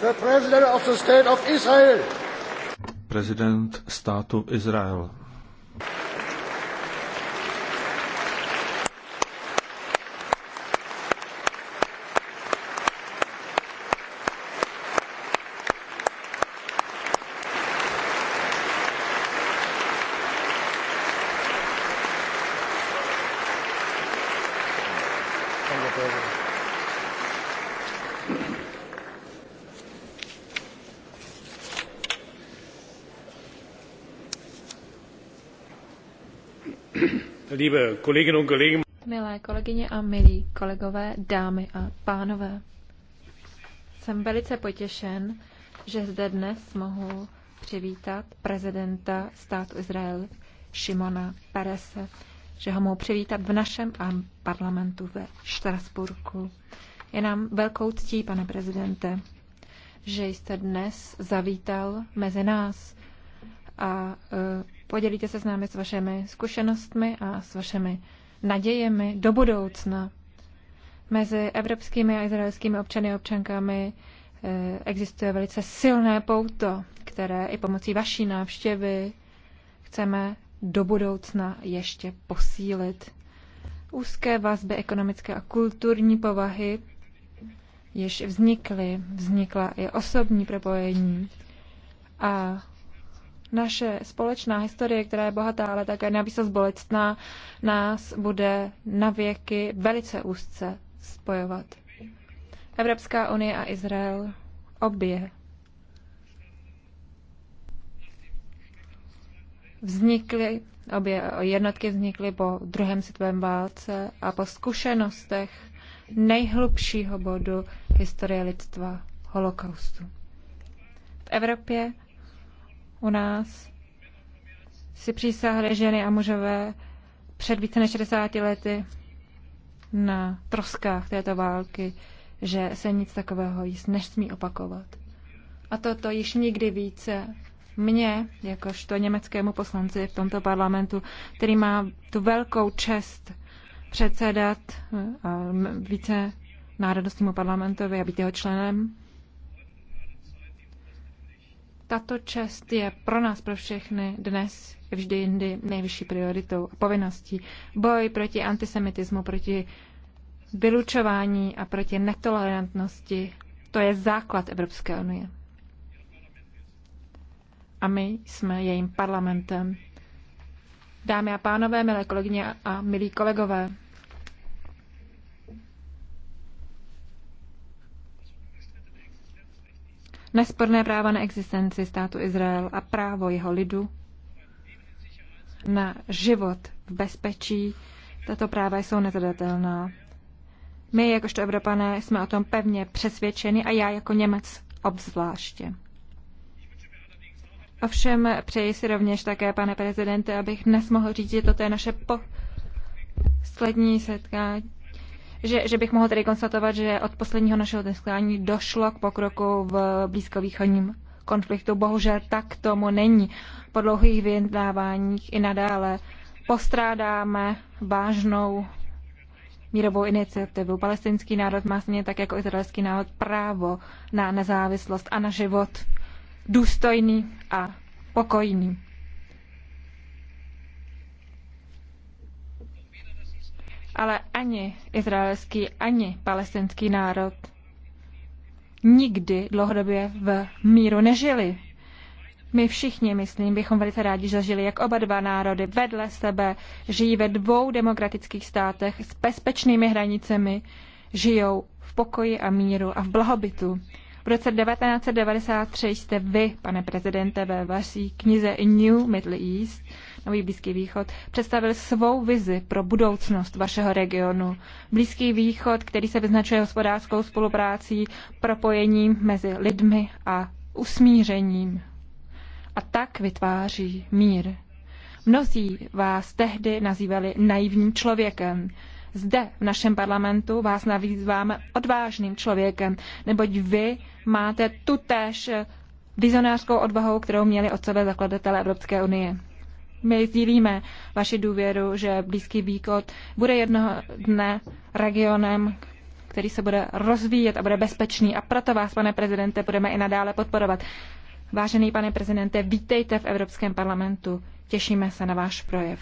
the President of the State of Israel. Prezident státu Izrael. kolegyně kolegy. Milé kolegyně a milí kolegové, dámy a pánové. Jsem velice potěšen, že zde dnes mohu přivítat prezidenta státu Izrael Šimona Perese, že ho mohu přivítat v našem parlamentu ve Štrasburku. Je nám velkou ctí, pane prezidente, že jste dnes zavítal mezi nás a e, Podělíte se s námi s vašemi zkušenostmi a s vašemi nadějemi do budoucna. Mezi evropskými a izraelskými občany a občankami eh, existuje velice silné pouto, které i pomocí vaší návštěvy chceme do budoucna ještě posílit. Úzké vazby ekonomické a kulturní povahy již vznikly, vznikla i osobní propojení a naše společná historie, která je bohatá, ale také navíc bolestná, nás bude na věky velice úzce spojovat. Evropská unie a Izrael obě vznikly, obě jednotky vznikly po druhém světovém válce a po zkušenostech nejhlubšího bodu historie lidstva holokaustu. V Evropě u nás si přísahly ženy a mužové před více než 60 lety na troskách této války, že se nic takového již nesmí opakovat. A toto již nikdy více mě, jakožto německému poslanci v tomto parlamentu, který má tu velkou čest předsedat eh, více národnostnímu parlamentovi a být jeho členem, tato čest je pro nás, pro všechny, dnes vždy jindy nejvyšší prioritou a povinností. Boj proti antisemitismu, proti vylučování a proti netolerantnosti, to je základ Evropské unie. A my jsme jejím parlamentem. Dámy a pánové, milé kolegyně a milí kolegové, nesporné práva na existenci státu Izrael a právo jeho lidu na život v bezpečí. Tato práva jsou nezadatelná. My, jakožto Evropané, jsme o tom pevně přesvědčeni a já jako Němec obzvláště. Ovšem přeji si rovněž také, pane prezidente, abych dnes mohl říct, že toto je naše poslední setkání že, že bych mohl tedy konstatovat, že od posledního našeho testování došlo k pokroku v blízkovýchodním konfliktu. Bohužel tak tomu není. Po dlouhých vyjednáváních i nadále postrádáme vážnou mírovou iniciativu. Palestinský národ má stejně tak jako izraelský národ právo na nezávislost a na život důstojný a pokojný. ale ani izraelský, ani palestinský národ nikdy dlouhodobě v míru nežili. My všichni, myslím, bychom velice rádi zažili, jak oba dva národy vedle sebe žijí ve dvou demokratických státech s bezpečnými hranicemi, žijou v pokoji a míru a v blahobytu. V roce 1993 jste vy, pane prezidente, ve vaší knize New Middle East nový Blízký východ, představil svou vizi pro budoucnost vašeho regionu. Blízký východ, který se vyznačuje hospodářskou spoluprácí, propojením mezi lidmi a usmířením. A tak vytváří mír. Mnozí vás tehdy nazývali naivním člověkem. Zde v našem parlamentu vás navízváme odvážným člověkem, neboť vy máte tutéž vizionářskou odvahou, kterou měli od sebe zakladatelé Evropské unie. My sdílíme vaši důvěru, že Blízký východ bude jednoho dne regionem, který se bude rozvíjet a bude bezpečný. A proto vás, pane prezidente, budeme i nadále podporovat. Vážený pane prezidente, vítejte v Evropském parlamentu. Těšíme se na váš projev.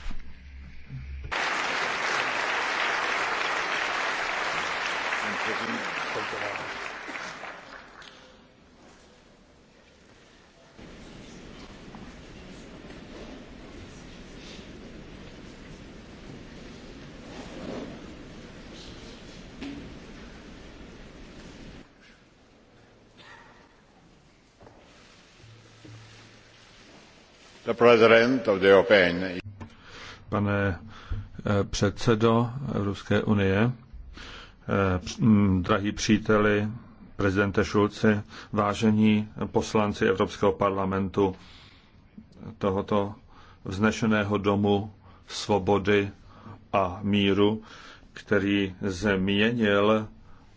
Pane eh, předsedo Evropské unie, eh, drahí příteli, prezidente schulzi vážení poslanci Evropského parlamentu tohoto vznešeného domu svobody a míru, který změnil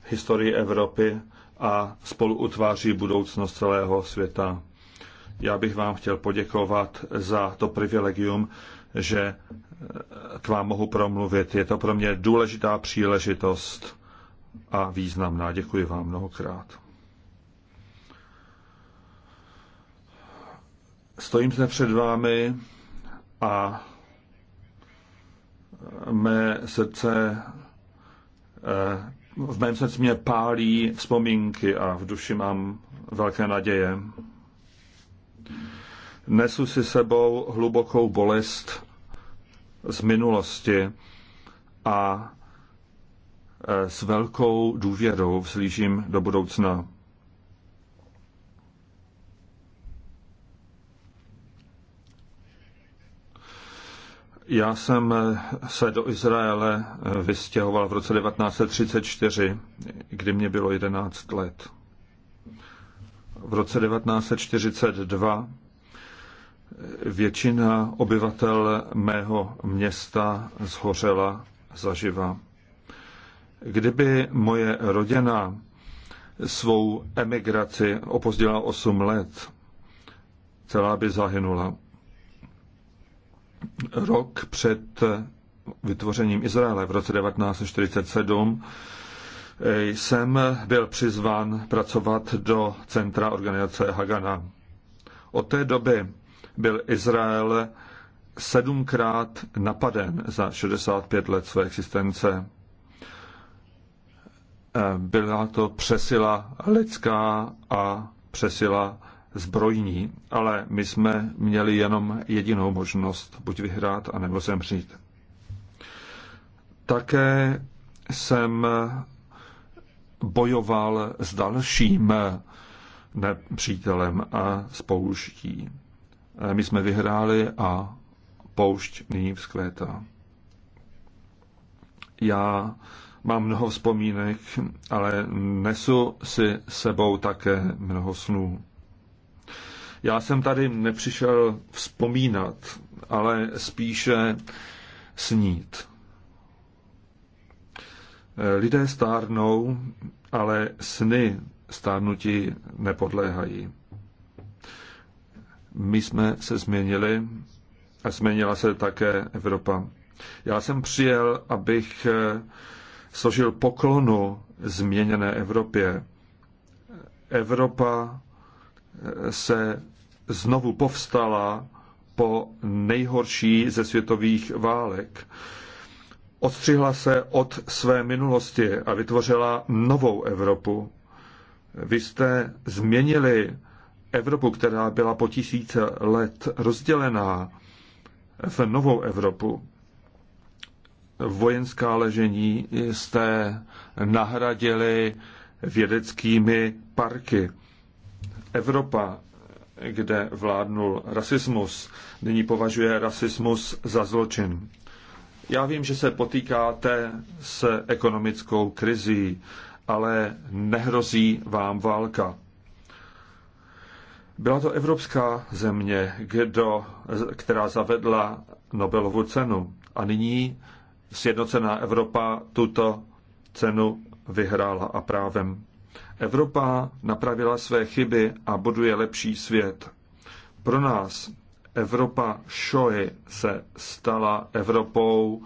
historii Evropy a spolu utváří budoucnost celého světa. Já bych vám chtěl poděkovat za to privilegium, že k vám mohu promluvit. Je to pro mě důležitá příležitost a významná. Děkuji vám mnohokrát. Stojím zde před vámi a mé srdce eh, v mém srdci mě pálí vzpomínky a v duši mám velké naděje. Nesu si sebou hlubokou bolest z minulosti a e, s velkou důvěrou vzlížím do budoucna. Já jsem e, se do Izraele vystěhoval v roce 1934, kdy mě bylo 11 let v roce 1942 většina obyvatel mého města zhořela zaživa. Kdyby moje rodina svou emigraci opozdila 8 let, celá by zahynula. Rok před vytvořením Izraele v roce 1947 jsem byl přizván pracovat do centra organizace Hagana. Od té doby byl Izrael sedmkrát napaden za 65 let své existence. Byla to přesila lidská a přesila zbrojní, ale my jsme měli jenom jedinou možnost, buď vyhrát, anebo zemřít. Také jsem bojoval s dalším nepřítelem a pouští. E, my jsme vyhráli a poušť nyní vzkvétá. Já mám mnoho vzpomínek, ale nesu si sebou také mnoho snů. Já jsem tady nepřišel vzpomínat, ale spíše snít. Eh, lidé stárnou, ale sny stárnutí nepodléhají. My jsme se změnili a změnila se také Evropa. Já jsem přijel, abych eh, složil poklonu změněné Evropě. Evropa eh, se znovu povstala po nejhorší ze světových válek odstřihla se od své minulosti a vytvořila novou Evropu. Vy jste změnili Evropu, která byla po tisíce let rozdělená, v novou Evropu. Vojenská ležení jste nahradili vědeckými parky. Evropa, kde vládnul rasismus, nyní považuje rasismus za zločin. Já vím, že se potýkáte s ekonomickou krizí, ale nehrozí vám válka. Byla to evropská země, kdo, která zavedla Nobelovu cenu. A nyní sjednocená Evropa tuto cenu vyhrála a právem. Evropa napravila své chyby a buduje lepší svět. Pro nás Evropa Šoje se stala Evropou,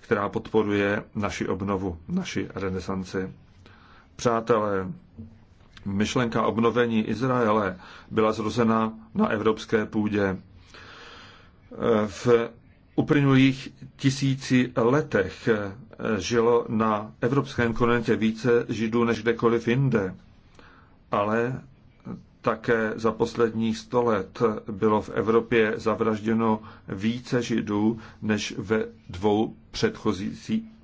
která podporuje naši obnovu, naši renesanci. Přátelé, myšlenka obnovení Izraele byla zrozena na evropské půdě. V uplynulých tisíci letech žilo na evropském kontinentě více židů než kdekoliv jinde. Ale také za posledních sto let bylo v Evropě zavražděno více Židů než ve dvou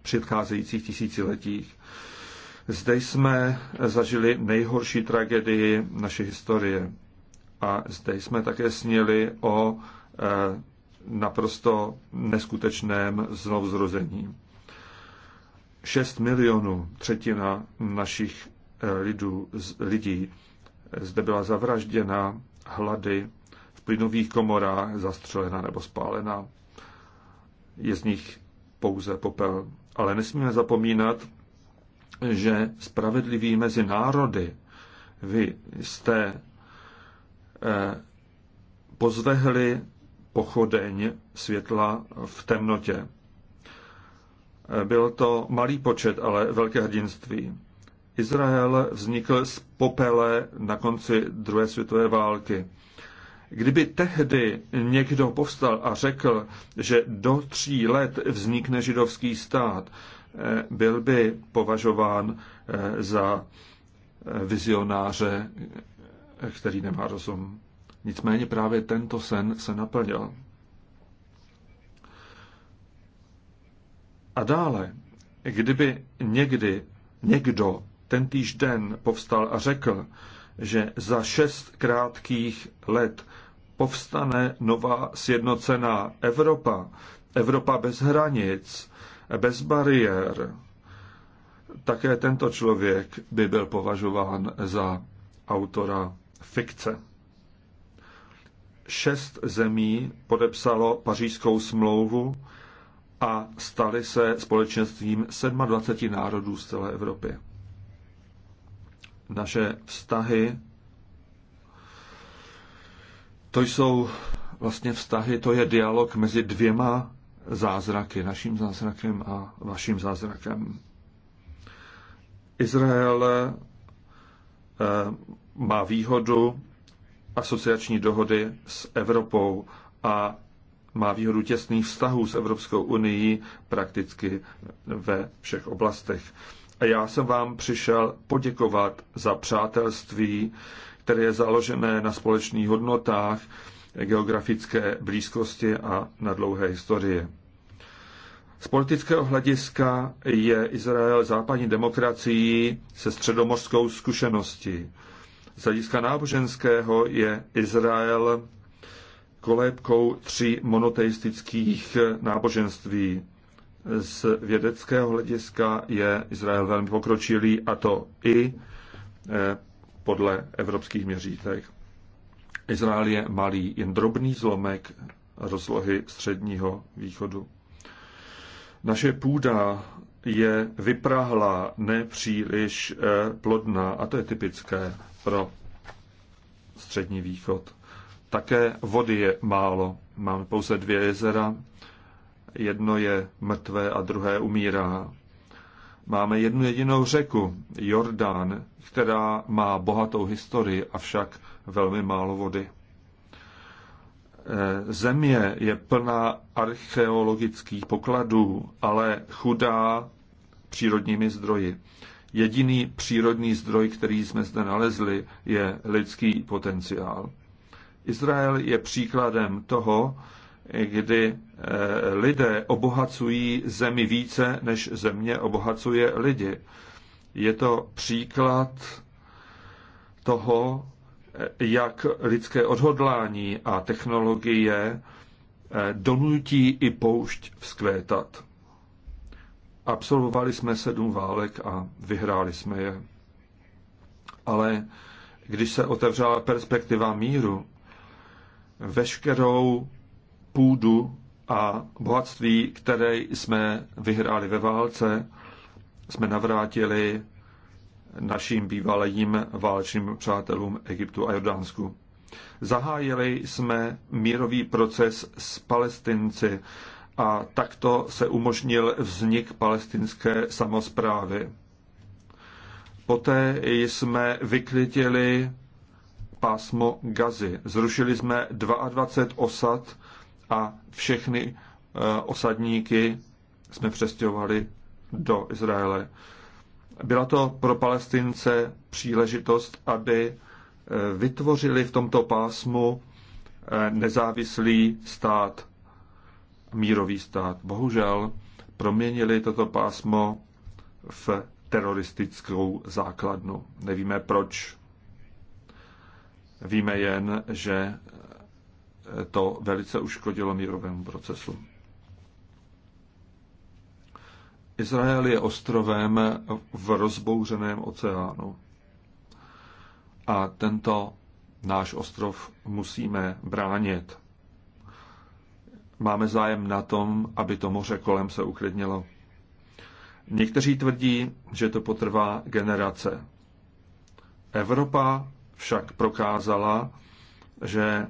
předcházejících tisíciletích. Zde jsme zažili nejhorší tragédii naší historie. A zde jsme také sněli o e, naprosto neskutečném znovuzrození. 6 milionů, třetina našich e, lidů, lidí zde byla zavražděna hlady v plynových komorách, zastřelena nebo spálena. Je z nich pouze popel. Ale nesmíme zapomínat, že spravedlivý mezi národy vy jste eh, pozvehli pochodeň světla v temnotě. Eh, byl to malý počet, ale velké hrdinství. Izrael vznikl z popele na konci druhé světové války. Kdyby tehdy někdo povstal a řekl, že do tří let vznikne židovský stát, eh, byl by považován eh, za eh, vizionáře, který nemá rozum. Nicméně právě tento sen se naplnil. A dále, kdyby někdy někdo tentýž den povstal a řekl, že za šest krátkých let povstane nová sjednocená Evropa, Evropa bez hranic, bez bariér. Také tento člověk by byl považován za autora fikce. Šest zemí podepsalo pařížskou smlouvu a stali se společenstvím 27 národů z celé Evropy naše vztahy, to jsou vlastně vztahy, to je dialog mezi dvěma zázraky, naším zázrakem a vaším zázrakem. Izrael eh, má výhodu asociační dohody s Evropou a má výhodu těsných vztahů s Evropskou unii prakticky ve všech oblastech. A Já jsem vám přišel poděkovat za přátelství, které je založené na společných hodnotách, geografické blízkosti a na dlouhé historie. Z politického hlediska je Izrael západní demokracií se středomorskou zkušeností. Z hlediska náboženského je Izrael kolébkou tří monoteistických náboženství z vědeckého hlediska je Izrael velmi pokročilý a to i eh, podle evropských měřítek. Izrael je malý, jen drobný zlomek rozlohy středního východu. Naše půda je vyprahlá, nepříliš eh, plodná a to je typické pro střední východ. Také vody je málo. Máme pouze dvě jezera jedno je mrtvé a druhé umírá. Máme jednu jedinou řeku, Jordán, která má bohatou historii, avšak velmi málo vody. Eh, země je plná archeologických pokladů, ale chudá přírodními zdroji. Jediný přírodní zdroj, který jsme zde nalezli, je lidský potenciál. Izrael je příkladem toho, kdy eh, lidé obohacují zemi více, než země obohacuje lidi. Je to příklad toho, eh, jak lidské odhodlání a technologie eh, donutí i poušť vzkvétat. Absolvovali jsme sedm válek a vyhráli jsme je. Ale když se otevřela perspektiva míru, veškerou půdu a bohatství, které jsme vyhráli ve válce, jsme navrátili našim bývalým válčným přátelům Egyptu a Jordánsku. Zahájili jsme mírový proces s Palestinci a takto se umožnil vznik palestinské samozprávy. Poté jsme vyklidili pásmo Gazy. Zrušili jsme 22 osad a všechny eh, osadníky jsme přestěhovali do Izraele. Byla to pro Palestince příležitost, aby eh, vytvořili v tomto pásmu eh, nezávislý stát, mírový stát. Bohužel proměnili toto pásmo v teroristickou základnu. Nevíme proč. Víme jen, že to velice uškodilo mírovému procesu. Izrael je ostrovem v rozbouřeném oceánu. A tento náš ostrov musíme bránit. Máme zájem na tom, aby to moře kolem se uklidnilo. Někteří tvrdí, že to potrvá generace. Evropa však prokázala, že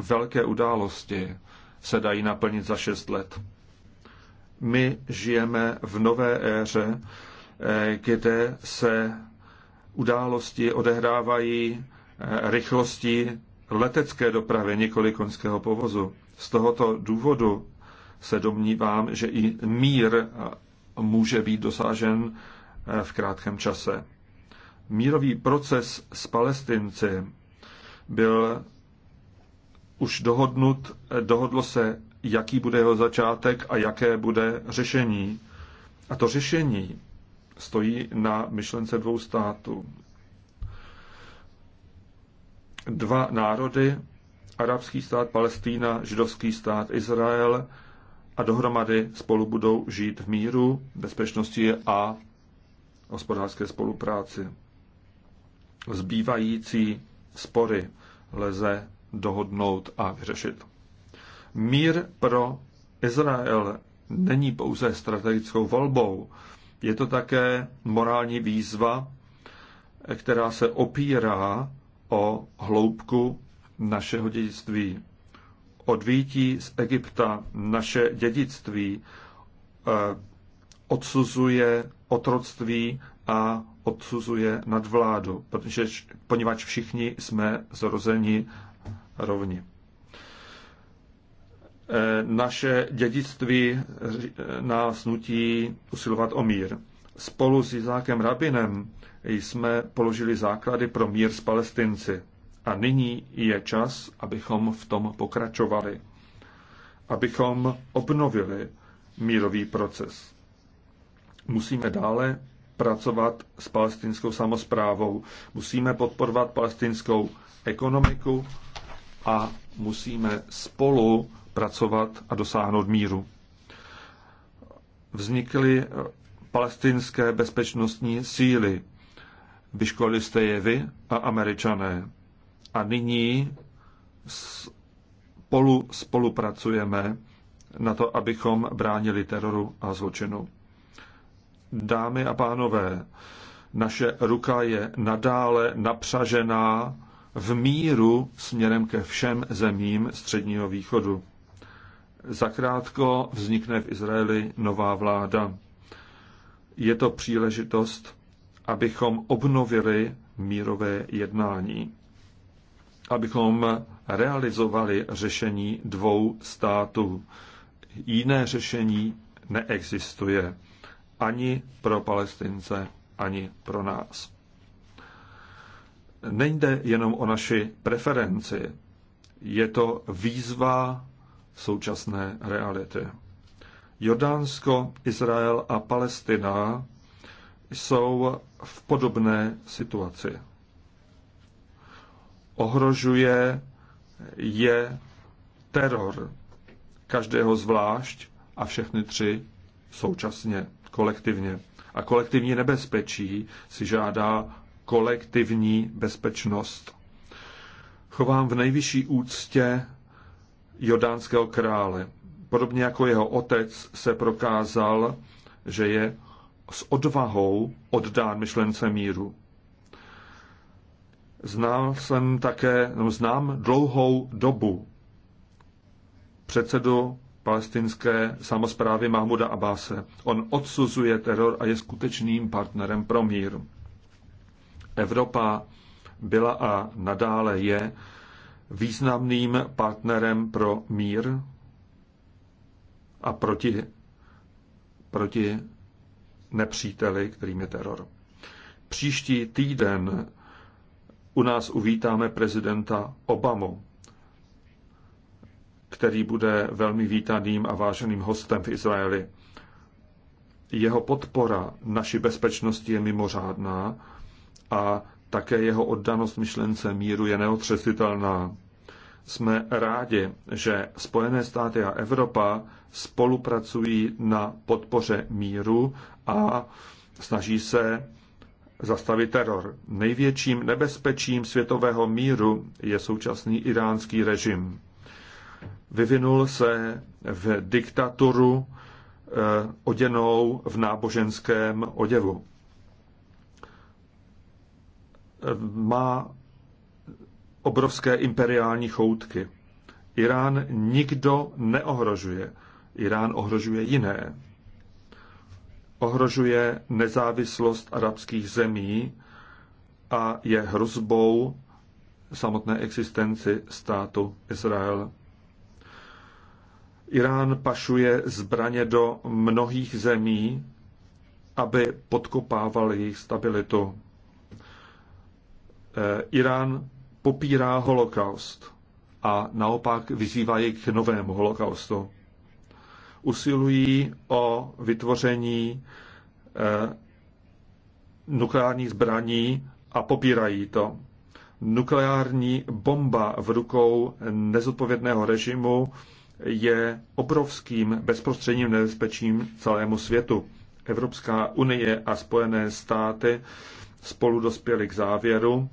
velké události se dají naplnit za šest let. My žijeme v nové éře, eh, kde se události odehrávají eh, rychlostí letecké dopravy, nikoli konského povozu. Z tohoto důvodu se domnívám, že i mír může být dosažen eh, v krátkém čase. Mírový proces s Palestinci byl už dohodnut, dohodlo se, jaký bude jeho začátek a jaké bude řešení. A to řešení stojí na myšlence dvou států. Dva národy, arabský stát Palestína, židovský stát Izrael, a dohromady spolu budou žít v míru, bezpečnosti a hospodářské spolupráci. Zbývající spory leze dohodnout a vyřešit. Mír pro Izrael není pouze strategickou volbou, je to také morální výzva, která se opírá o hloubku našeho dědictví. Odvítí z Egypta naše dědictví eh, odsuzuje otroctví a odsuzuje nadvládu, protože, poněvadž všichni jsme zrozeni rovni. Eh, naše dědictví eh, nás nutí usilovat o mír. Spolu s Izákem Rabinem jsme položili základy pro mír s Palestinci. A nyní je čas, abychom v tom pokračovali. Abychom obnovili mírový proces. Musíme dále pracovat s palestinskou samozprávou. Musíme podporovat palestinskou ekonomiku, a musíme spolu pracovat a dosáhnout míru. Vznikly eh, palestinské bezpečnostní síly. Vyškolili jste je vy a američané. A nyní spolu spolupracujeme na to, abychom bránili teroru a zločinu. Dámy a pánové, naše ruka je nadále napřažená v míru směrem ke všem zemím Středního východu. Zakrátko vznikne v Izraeli nová vláda. Je to příležitost, abychom obnovili mírové jednání, abychom realizovali řešení dvou států. Jiné řešení neexistuje ani pro Palestince, ani pro nás nejde jenom o naši preferenci. Je to výzva současné reality. Jordánsko, Izrael a Palestina jsou v podobné situaci. Ohrožuje je teror každého zvlášť a všechny tři současně, kolektivně. A kolektivní nebezpečí si žádá kolektivní bezpečnost. Chovám v nejvyšší úctě jordánského krále. Podobně jako jeho otec se prokázal, že je s odvahou oddán myšlence míru. Znal jsem také, no znám dlouhou dobu předsedu palestinské samozprávy Mahmuda Abase. On odsuzuje teror a je skutečným partnerem pro mír. Evropa byla a nadále je významným partnerem pro mír a proti, proti nepříteli, kterým je teror. Příští týden u nás uvítáme prezidenta Obamu, který bude velmi vítaným a váženým hostem v Izraeli. Jeho podpora naší bezpečnosti je mimořádná a také jeho oddanost myšlence míru je neotřesitelná. Jsme rádi, že Spojené státy a Evropa spolupracují na podpoře míru a snaží se zastavit teror. Největším nebezpečím světového míru je současný iránský režim. Vyvinul se v diktaturu eh, oděnou v náboženském oděvu má obrovské imperiální choutky. Irán nikdo neohrožuje. Irán ohrožuje jiné. Ohrožuje nezávislost arabských zemí a je hrozbou samotné existenci státu Izrael. Irán pašuje zbraně do mnohých zemí, aby podkopával jejich stabilitu. Eh, Irán popírá holokaust a naopak vyzývá k novému holokaustu. Usilují o vytvoření eh, nukleárních zbraní a popírají to. Nukleární bomba v rukou nezodpovědného režimu je obrovským bezprostředním nebezpečím celému světu. Evropská unie a Spojené státy spolu dospěly k závěru,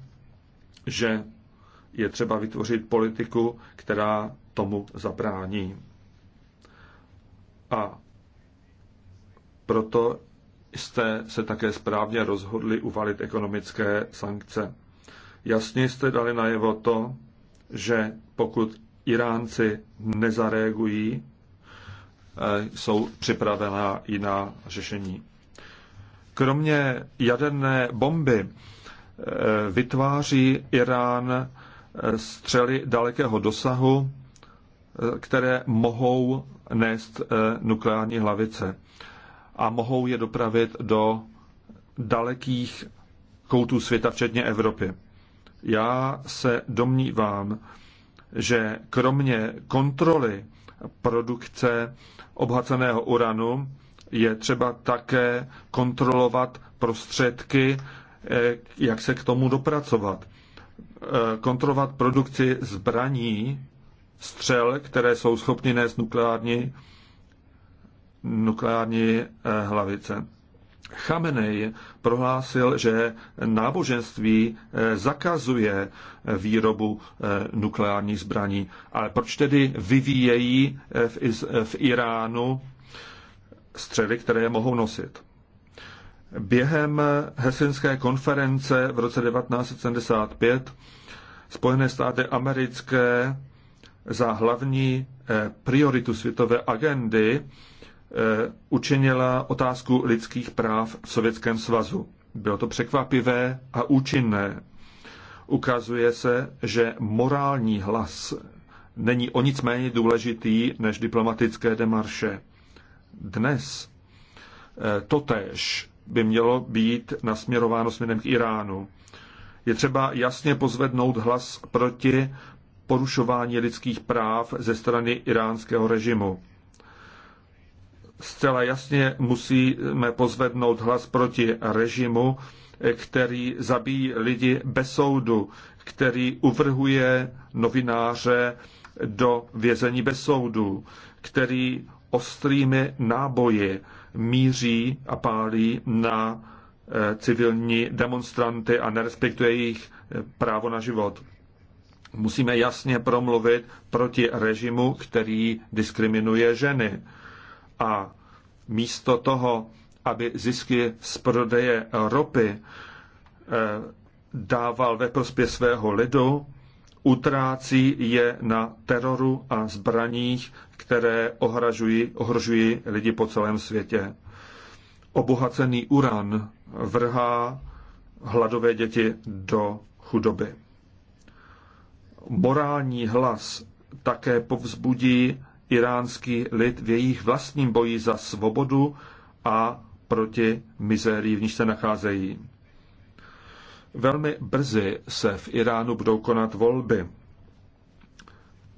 že je třeba vytvořit politiku, která tomu zabrání. A proto jste se také správně rozhodli uvalit ekonomické sankce. Jasně jste dali najevo to, že pokud Iránci nezareagují, eh, jsou připravená jiná řešení. Kromě jaderné bomby Eh, vytváří Irán eh, střely dalekého dosahu, eh, které mohou nést nukleární hlavice a mohou je dopravit do dalekých koutů světa, včetně Evropy. Já se domnívám, že kromě kontroly produkce obhaceného uranu je třeba také kontrolovat prostředky Eh, jak se k tomu dopracovat. Eh, kontrolovat produkci zbraní, střel, které jsou schopny nést nukleární, nukleární eh, hlavice. Chamenej prohlásil, že náboženství zakazuje výrobu nukleárních zbraní. Ale proč tedy vyvíjejí v, Iránu střely, které je mohou nosit? Během hesinské konference v roce 1975 Spojené státy americké za hlavní eh, prioritu světové agendy eh, učinila otázku lidských práv v Sovětském svazu. Bylo to překvapivé a účinné. Ukazuje se, že morální hlas není o nic méně důležitý než diplomatické demarše. Dnes eh, totéž by mělo být nasměrováno směrem k Iránu. Je třeba jasně pozvednout hlas proti porušování lidských práv ze strany iránského režimu. Zcela jasně musíme pozvednout hlas proti režimu, který zabíjí lidi bez soudu, který uvrhuje novináře do vězení bez soudu, který ostrými náboji míří a pálí na eh, civilní demonstranty a nerespektuje jejich eh, právo na život. Musíme jasně promluvit proti režimu, který diskriminuje ženy. A místo toho, aby zisky z prodeje ropy eh, dával ve prospěch svého lidu, utrácí je na teroru a zbraních, které ohražují, ohrožují lidi po celém světě. Obohacený uran vrhá hladové děti do chudoby. Morální hlas také povzbudí iránský lid v jejich vlastním boji za svobodu a proti mizérii, v níž se nacházejí. Velmi brzy se v Iránu budou konat volby.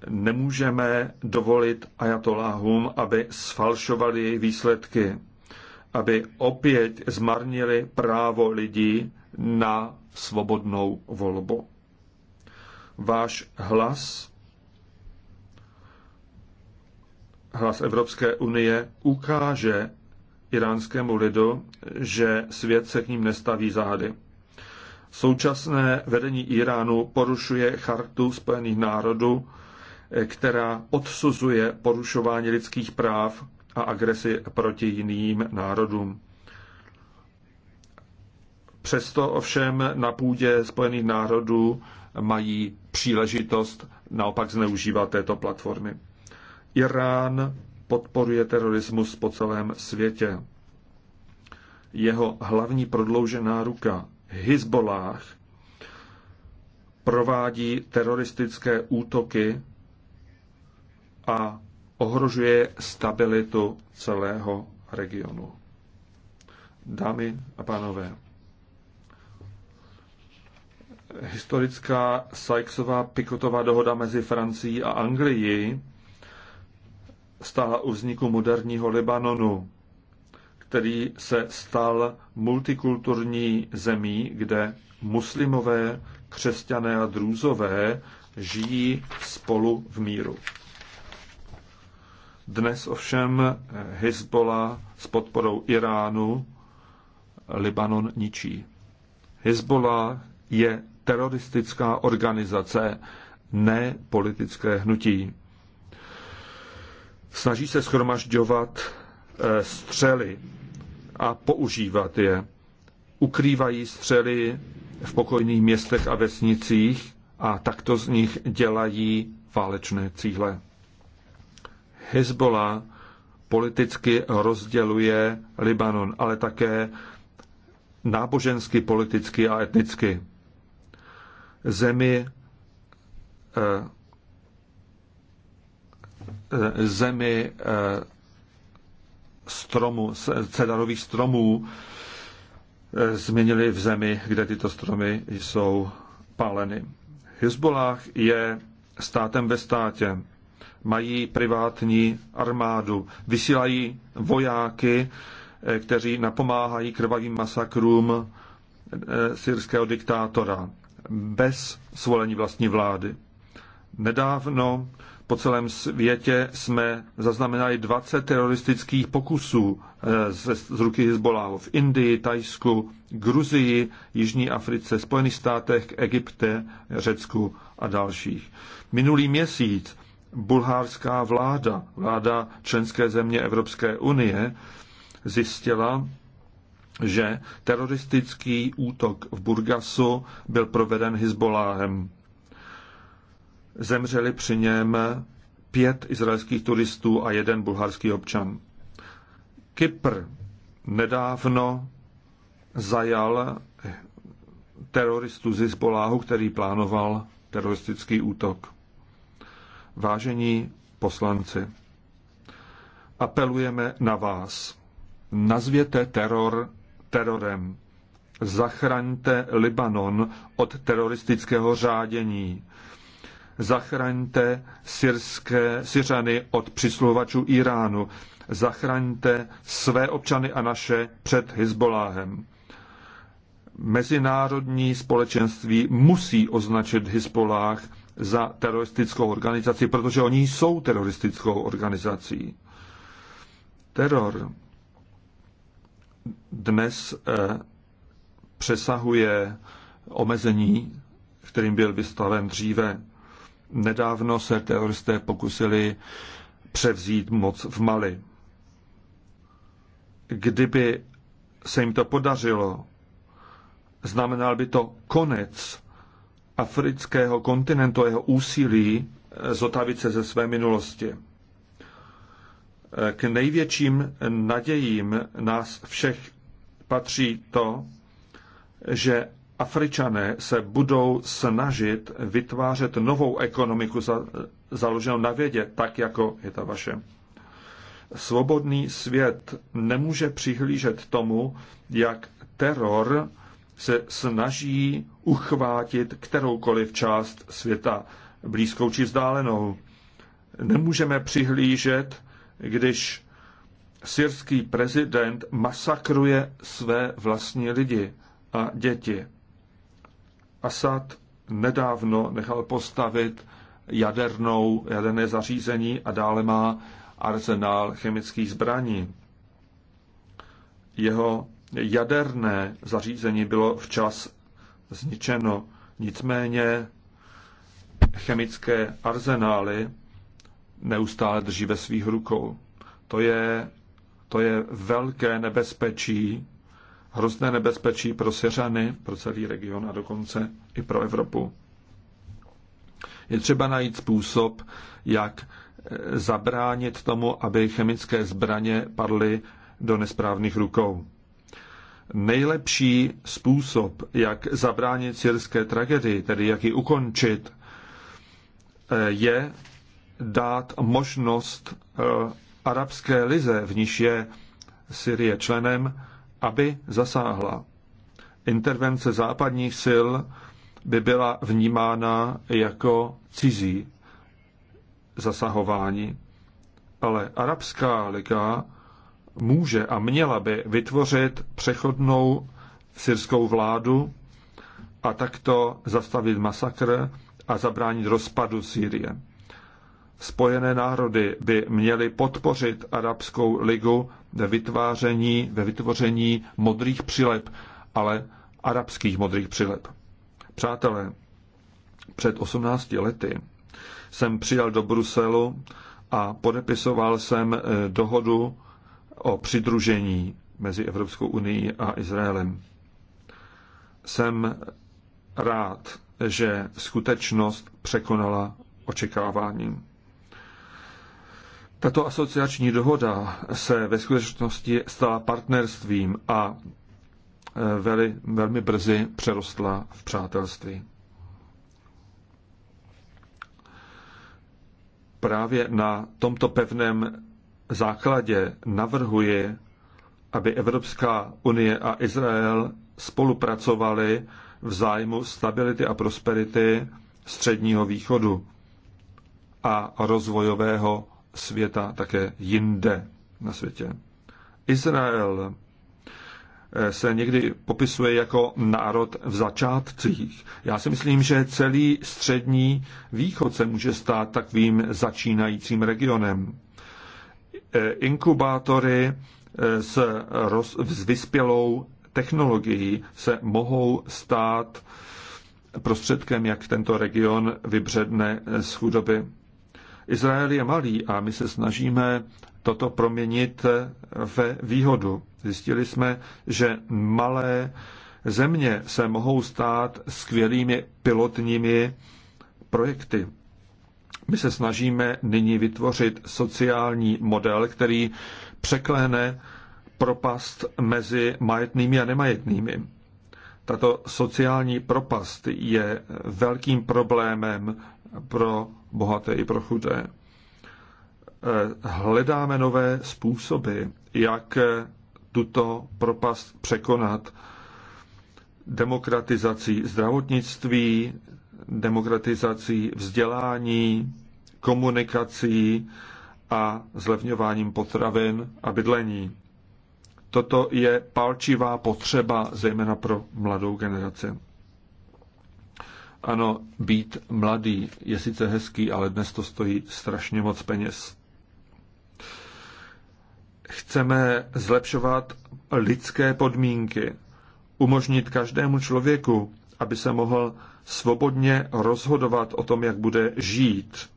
Nemůžeme dovolit ajatoláhům, aby sfalšovali její výsledky, aby opět zmarnili právo lidí na svobodnou volbu. Váš hlas, hlas Evropské unie, ukáže iránskému lidu, že svět se k ním nestaví zády. Současné vedení Iránu porušuje chartu Spojených národů, eh, která odsuzuje porušování lidských práv a agresi proti jiným národům. Přesto ovšem na půdě Spojených národů mají příležitost naopak zneužívat této platformy. Irán podporuje terorismus po celém světě. Jeho hlavní prodloužená ruka Hezbollah provádí teroristické útoky a ohrožuje stabilitu celého regionu. Dámy a pánové, historická Sykesová Pikotová dohoda mezi Francií a Anglií stála u vzniku moderního Libanonu který se stal multikulturní zemí, kde muslimové, křesťané a drůzové žijí spolu v míru. Dnes ovšem Hezbola s podporou Iránu Libanon ničí. Hezbola je teroristická organizace, ne politické hnutí. Snaží se schromažďovat eh, střely a používat je. Ukrývají střely v pokojných městech a vesnicích a takto z nich dělají válečné cíle. Hezbollah politicky rozděluje Libanon, ale také nábožensky, politicky a etnicky. Zemi, eh, eh, zemi eh, stromu, cedarových stromů eh, změnili v zemi, kde tyto stromy jsou páleny. Hezbollah je státem ve státě. Mají privátní armádu, vysílají vojáky, eh, kteří napomáhají krvavým masakrům eh, syrského diktátora bez svolení vlastní vlády. Nedávno po celém světě jsme zaznamenali 20 teroristických pokusů eh, z, z ruky Hezbollahu v Indii, Tajsku, Gruzii, Jižní Africe, Spojených státech, Egypte, Řecku a dalších. Minulý měsíc bulhárská vláda, vláda členské země Evropské unie, zjistila, že teroristický útok v Burgasu byl proveden Hezbollahem zemřeli při něm pět izraelských turistů a jeden bulharský občan. Kypr nedávno zajal teroristu z Izboláhu, který plánoval teroristický útok. Vážení poslanci, apelujeme na vás. Nazvěte teror terorem. Zachraňte Libanon od teroristického řádění zachraňte syrské, Syřany od přisluhovačů Iránu, zachraňte své občany a naše před Hezboláhem. Mezinárodní společenství musí označit Hizbolách za teroristickou organizaci, protože oni jsou teroristickou organizací. Teror dnes eh, přesahuje omezení, kterým byl vystaven dříve. Nedávno se teroristé pokusili převzít moc v Mali. Kdyby se jim to podařilo, znamenal by to konec afrického kontinentu, jeho úsilí eh, zotavit se ze své minulosti. Eh, k největším nadějím nás všech patří to, že Afričané se budou snažit vytvářet novou ekonomiku za, založenou na vědě, tak jako je ta vaše. Svobodný svět nemůže přihlížet tomu, jak teror se snaží uchvátit kteroukoliv část světa, blízkou či vzdálenou. Nemůžeme přihlížet, když syrský prezident masakruje své vlastní lidi a děti. Assad nedávno nechal postavit jadernou, jaderné zařízení a dále má arzenál chemických zbraní. Jeho jaderné zařízení bylo včas zničeno, nicméně chemické arzenály neustále drží ve svých rukou. To je, to je velké nebezpečí hrozné nebezpečí pro Syřany, pro celý region a dokonce i pro Evropu. Je třeba najít způsob, jak eh, zabránit tomu, aby chemické zbraně padly do nesprávných rukou. Nejlepší způsob, jak zabránit syrské tragedii, tedy jak ji ukončit, eh, je dát možnost eh, arabské lize, v níž je Syrie členem, aby zasáhla. Intervence západních sil by byla vnímána jako cizí zasahování. Ale Arabská liga může a měla by vytvořit přechodnou syrskou vládu a takto zastavit masakr a zabránit rozpadu Sýrie. Spojené národy by měly podpořit Arabskou ligu ve vytváření, ve vytvoření modrých přilep, ale arabských modrých přilep. Přátelé, před 18 lety jsem přijel do Bruselu a podepisoval jsem eh, dohodu o přidružení mezi Evropskou unii a Izraelem. Jsem rád, že skutečnost překonala očekávání. Tato asociační dohoda se ve skutečnosti stala partnerstvím a e, veli, velmi brzy přerostla v přátelství. Právě na tomto pevném základě navrhuji, aby Evropská unie a Izrael spolupracovali v zájmu stability a prosperity Středního východu a rozvojového světa také jinde na světě. Izrael eh, se někdy popisuje jako národ v začátcích. Já si myslím, že celý střední východ se může stát takovým začínajícím regionem. Eh, inkubátory eh, s, roz, s vyspělou technologií se mohou stát prostředkem, jak tento region vybředne z chudoby. Izrael je malý a my se snažíme toto proměnit ve výhodu. Zjistili jsme, že malé země se mohou stát skvělými pilotními projekty. My se snažíme nyní vytvořit sociální model, který překlene propast mezi majetnými a nemajetnými. Tato sociální propast je velkým problémem pro bohaté i pro chudé. Eh, hledáme nové způsoby, jak eh, tuto propast překonat demokratizací zdravotnictví, demokratizací vzdělání, komunikací a zlevňováním potravin a bydlení. Toto je palčivá potřeba zejména pro mladou generaci. Ano, být mladý je sice hezký, ale dnes to stojí strašně moc peněz. Chceme zlepšovat lidské podmínky, umožnit každému člověku, aby se mohl svobodně rozhodovat o tom, jak bude žít.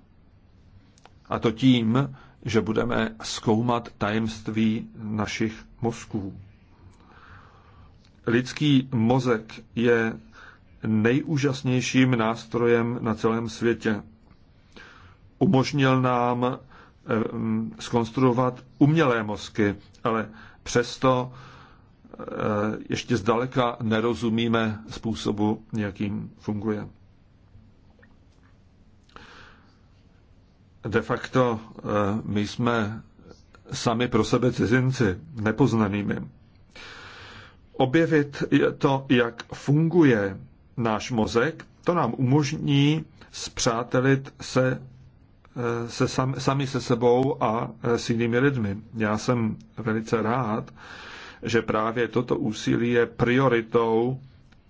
A to tím, že budeme zkoumat tajemství našich mozků. Lidský mozek je nejúžasnějším nástrojem na celém světě. Umožnil nám eh, mm, skonstruovat umělé mozky, ale přesto eh, ještě zdaleka nerozumíme způsobu, jakým funguje. De facto eh, my jsme sami pro sebe cizinci, nepoznanými. Objevit to, jak funguje náš mozek, to nám umožní zpřátelit se, eh, se sam, sami se sebou a eh, s jinými lidmi. Já jsem velice rád, že právě toto úsilí je prioritou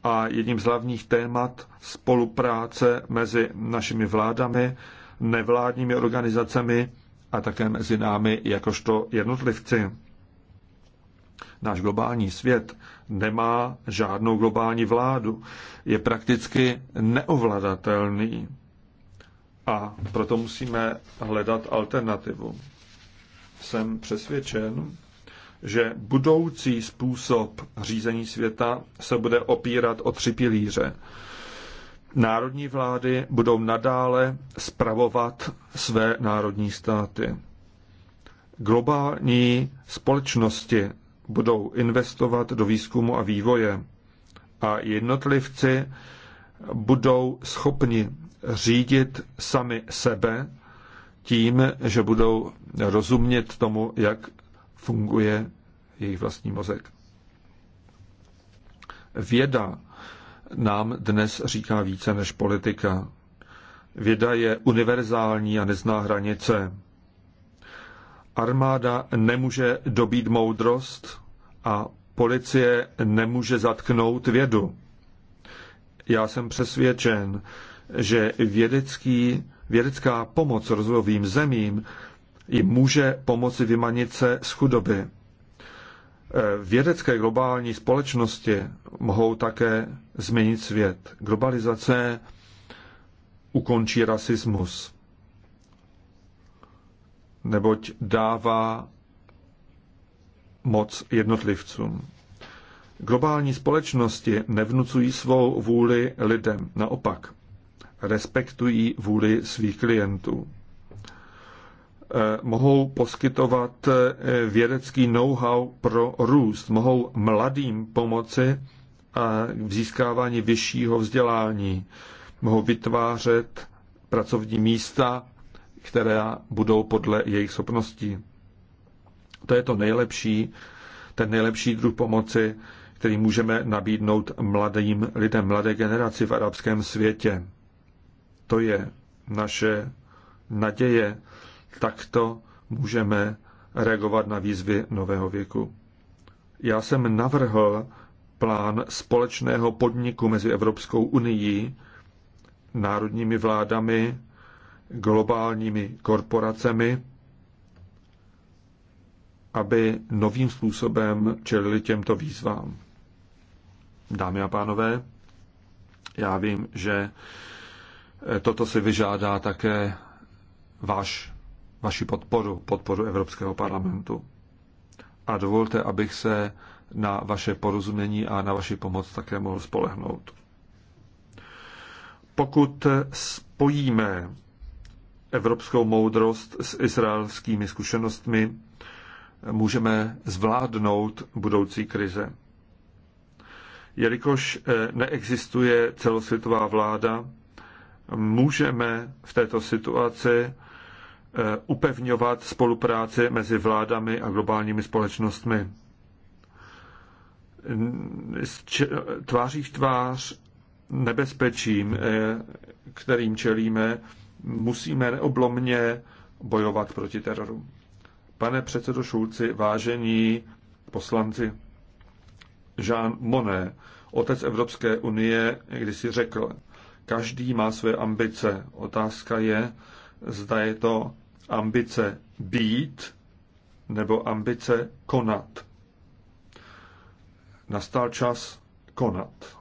a jedním z hlavních témat spolupráce mezi našimi vládami, nevládními organizacemi a také mezi námi jakožto jednotlivci. Náš globální svět nemá žádnou globální vládu. Je prakticky neovladatelný. A proto musíme hledat alternativu. Jsem přesvědčen, že budoucí způsob řízení světa se bude opírat o tři pilíře. Národní vlády budou nadále spravovat své národní státy. Globální společnosti budou investovat do výzkumu a vývoje a jednotlivci budou schopni řídit sami sebe tím, že budou rozumět tomu, jak funguje jejich vlastní mozek. Věda nám dnes říká více než politika. Věda je univerzální a nezná hranice. Armáda nemůže dobít moudrost, a policie nemůže zatknout vědu. Já jsem přesvědčen, že vědecký, vědecká pomoc rozvojovým zemím jim může pomoci vymanit se z chudoby. Eh, vědecké globální společnosti mohou také změnit svět. Globalizace ukončí rasismus, neboť dává moc jednotlivcům. Globální společnosti nevnucují svou vůli lidem, naopak respektují vůli svých klientů. Eh, mohou poskytovat eh, vědecký know-how pro růst, mohou mladým pomoci k získávání vyššího vzdělání, mohou vytvářet pracovní místa, která budou podle jejich schopností. To je to nejlepší, ten nejlepší druh pomoci, který můžeme nabídnout mladým lidem, mladé generaci v arabském světě. To je naše naděje. Takto můžeme reagovat na výzvy nového věku. Já jsem navrhl plán společného podniku mezi Evropskou unii, národními vládami, globálními korporacemi aby novým způsobem čelili těmto výzvám. Dámy a pánové, já vím, že eh, toto si vyžádá také vaš, vaši podporu, podporu Evropského parlamentu. A dovolte, abych se na vaše porozumění a na vaši pomoc také mohl spolehnout. Pokud spojíme evropskou moudrost s izraelskými zkušenostmi, můžeme zvládnout budoucí krize. Jelikož eh, neexistuje celosvětová vláda, můžeme v této situaci eh, upevňovat spolupráci mezi vládami a globálními společnostmi. Tváří v tvář nebezpečím, eh, kterým čelíme, musíme neoblomně bojovat proti teroru. Pane předsedo Šulci, vážení poslanci, Jean Monnet, otec Evropské unie, když si řekl, každý má své ambice. Otázka je, zda je to ambice být nebo ambice konat. Nastal čas konat.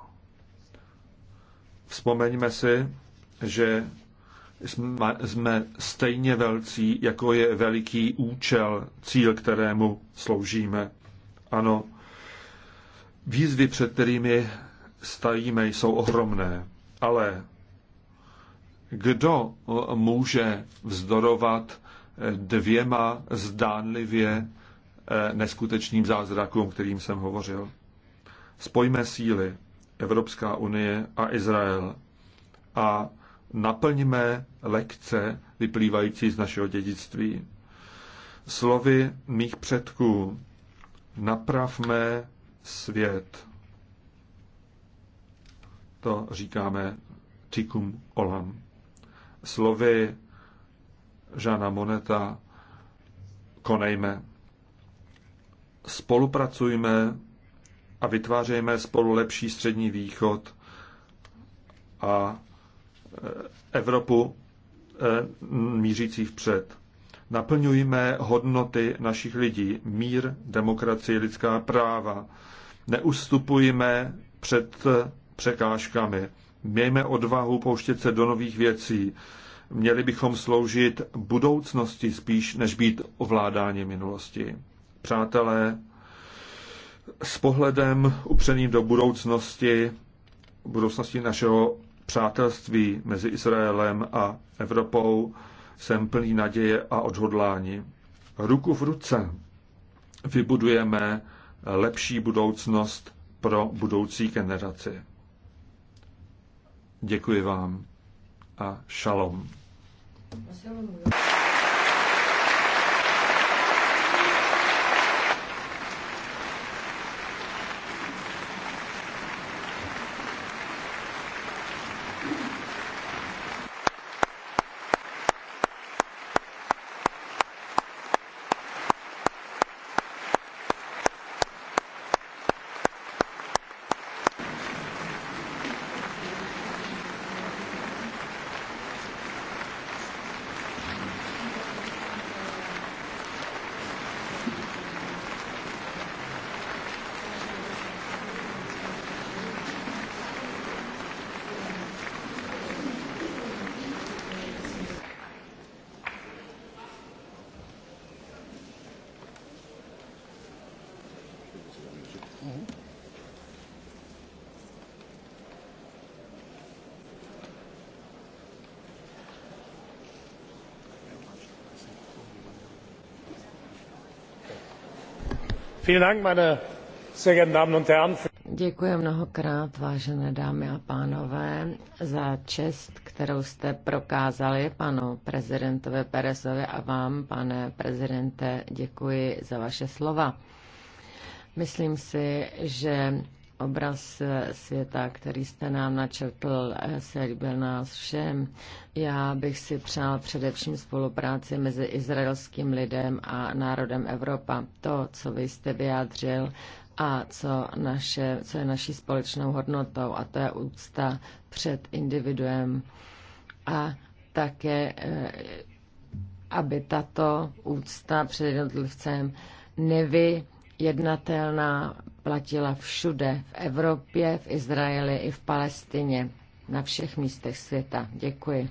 Vzpomeňme si, že jsme, jsme stejně velcí, jako je veliký účel, cíl, kterému sloužíme. Ano, výzvy, před kterými stajíme, jsou ohromné, ale kdo může vzdorovat dvěma zdánlivě eh, neskutečným zázrakům, kterým jsem hovořil? Spojme síly Evropská unie a Izrael a naplníme lekce vyplývající z našeho dědictví. Slovy mých předků napravme svět. To říkáme tikum olam. Slovy Žána Moneta konejme. Spolupracujme a vytvářejme spolu lepší střední východ a e, Evropu Eh, mířící před. Naplňujme hodnoty našich lidí, mír, demokracie, lidská práva. Neustupujme před eh, překážkami. Mějme odvahu pouštět se do nových věcí. Měli bychom sloužit budoucnosti spíš, než být ovládáni minulosti. Přátelé, s pohledem upřeným do budoucnosti, budoucnosti našeho přátelství mezi Izraelem a Evropou jsem plný naděje a odhodlání. Ruku v ruce vybudujeme lepší budoucnost pro budoucí generaci. Děkuji vám a šalom. Děkuji mnohokrát, vážené dámy a pánové, za čest, kterou jste prokázali panu prezidentovi Perezovi a vám, pane prezidente, děkuji za vaše slova. Myslím si, že obraz světa, který jste nám načrtl, eh, se líbil nás všem. Já bych si přál především spolupráci mezi izraelským lidem a národem Evropa. To, co vy jste vyjádřil a co, naše, co je naší společnou hodnotou, a to je úcta před individuem a také, eh, aby tato úcta před jednotlivcem nevy jednatelná platila všude, v Evropě, v Izraeli i v Palestině, na všech místech světa. Děkuji.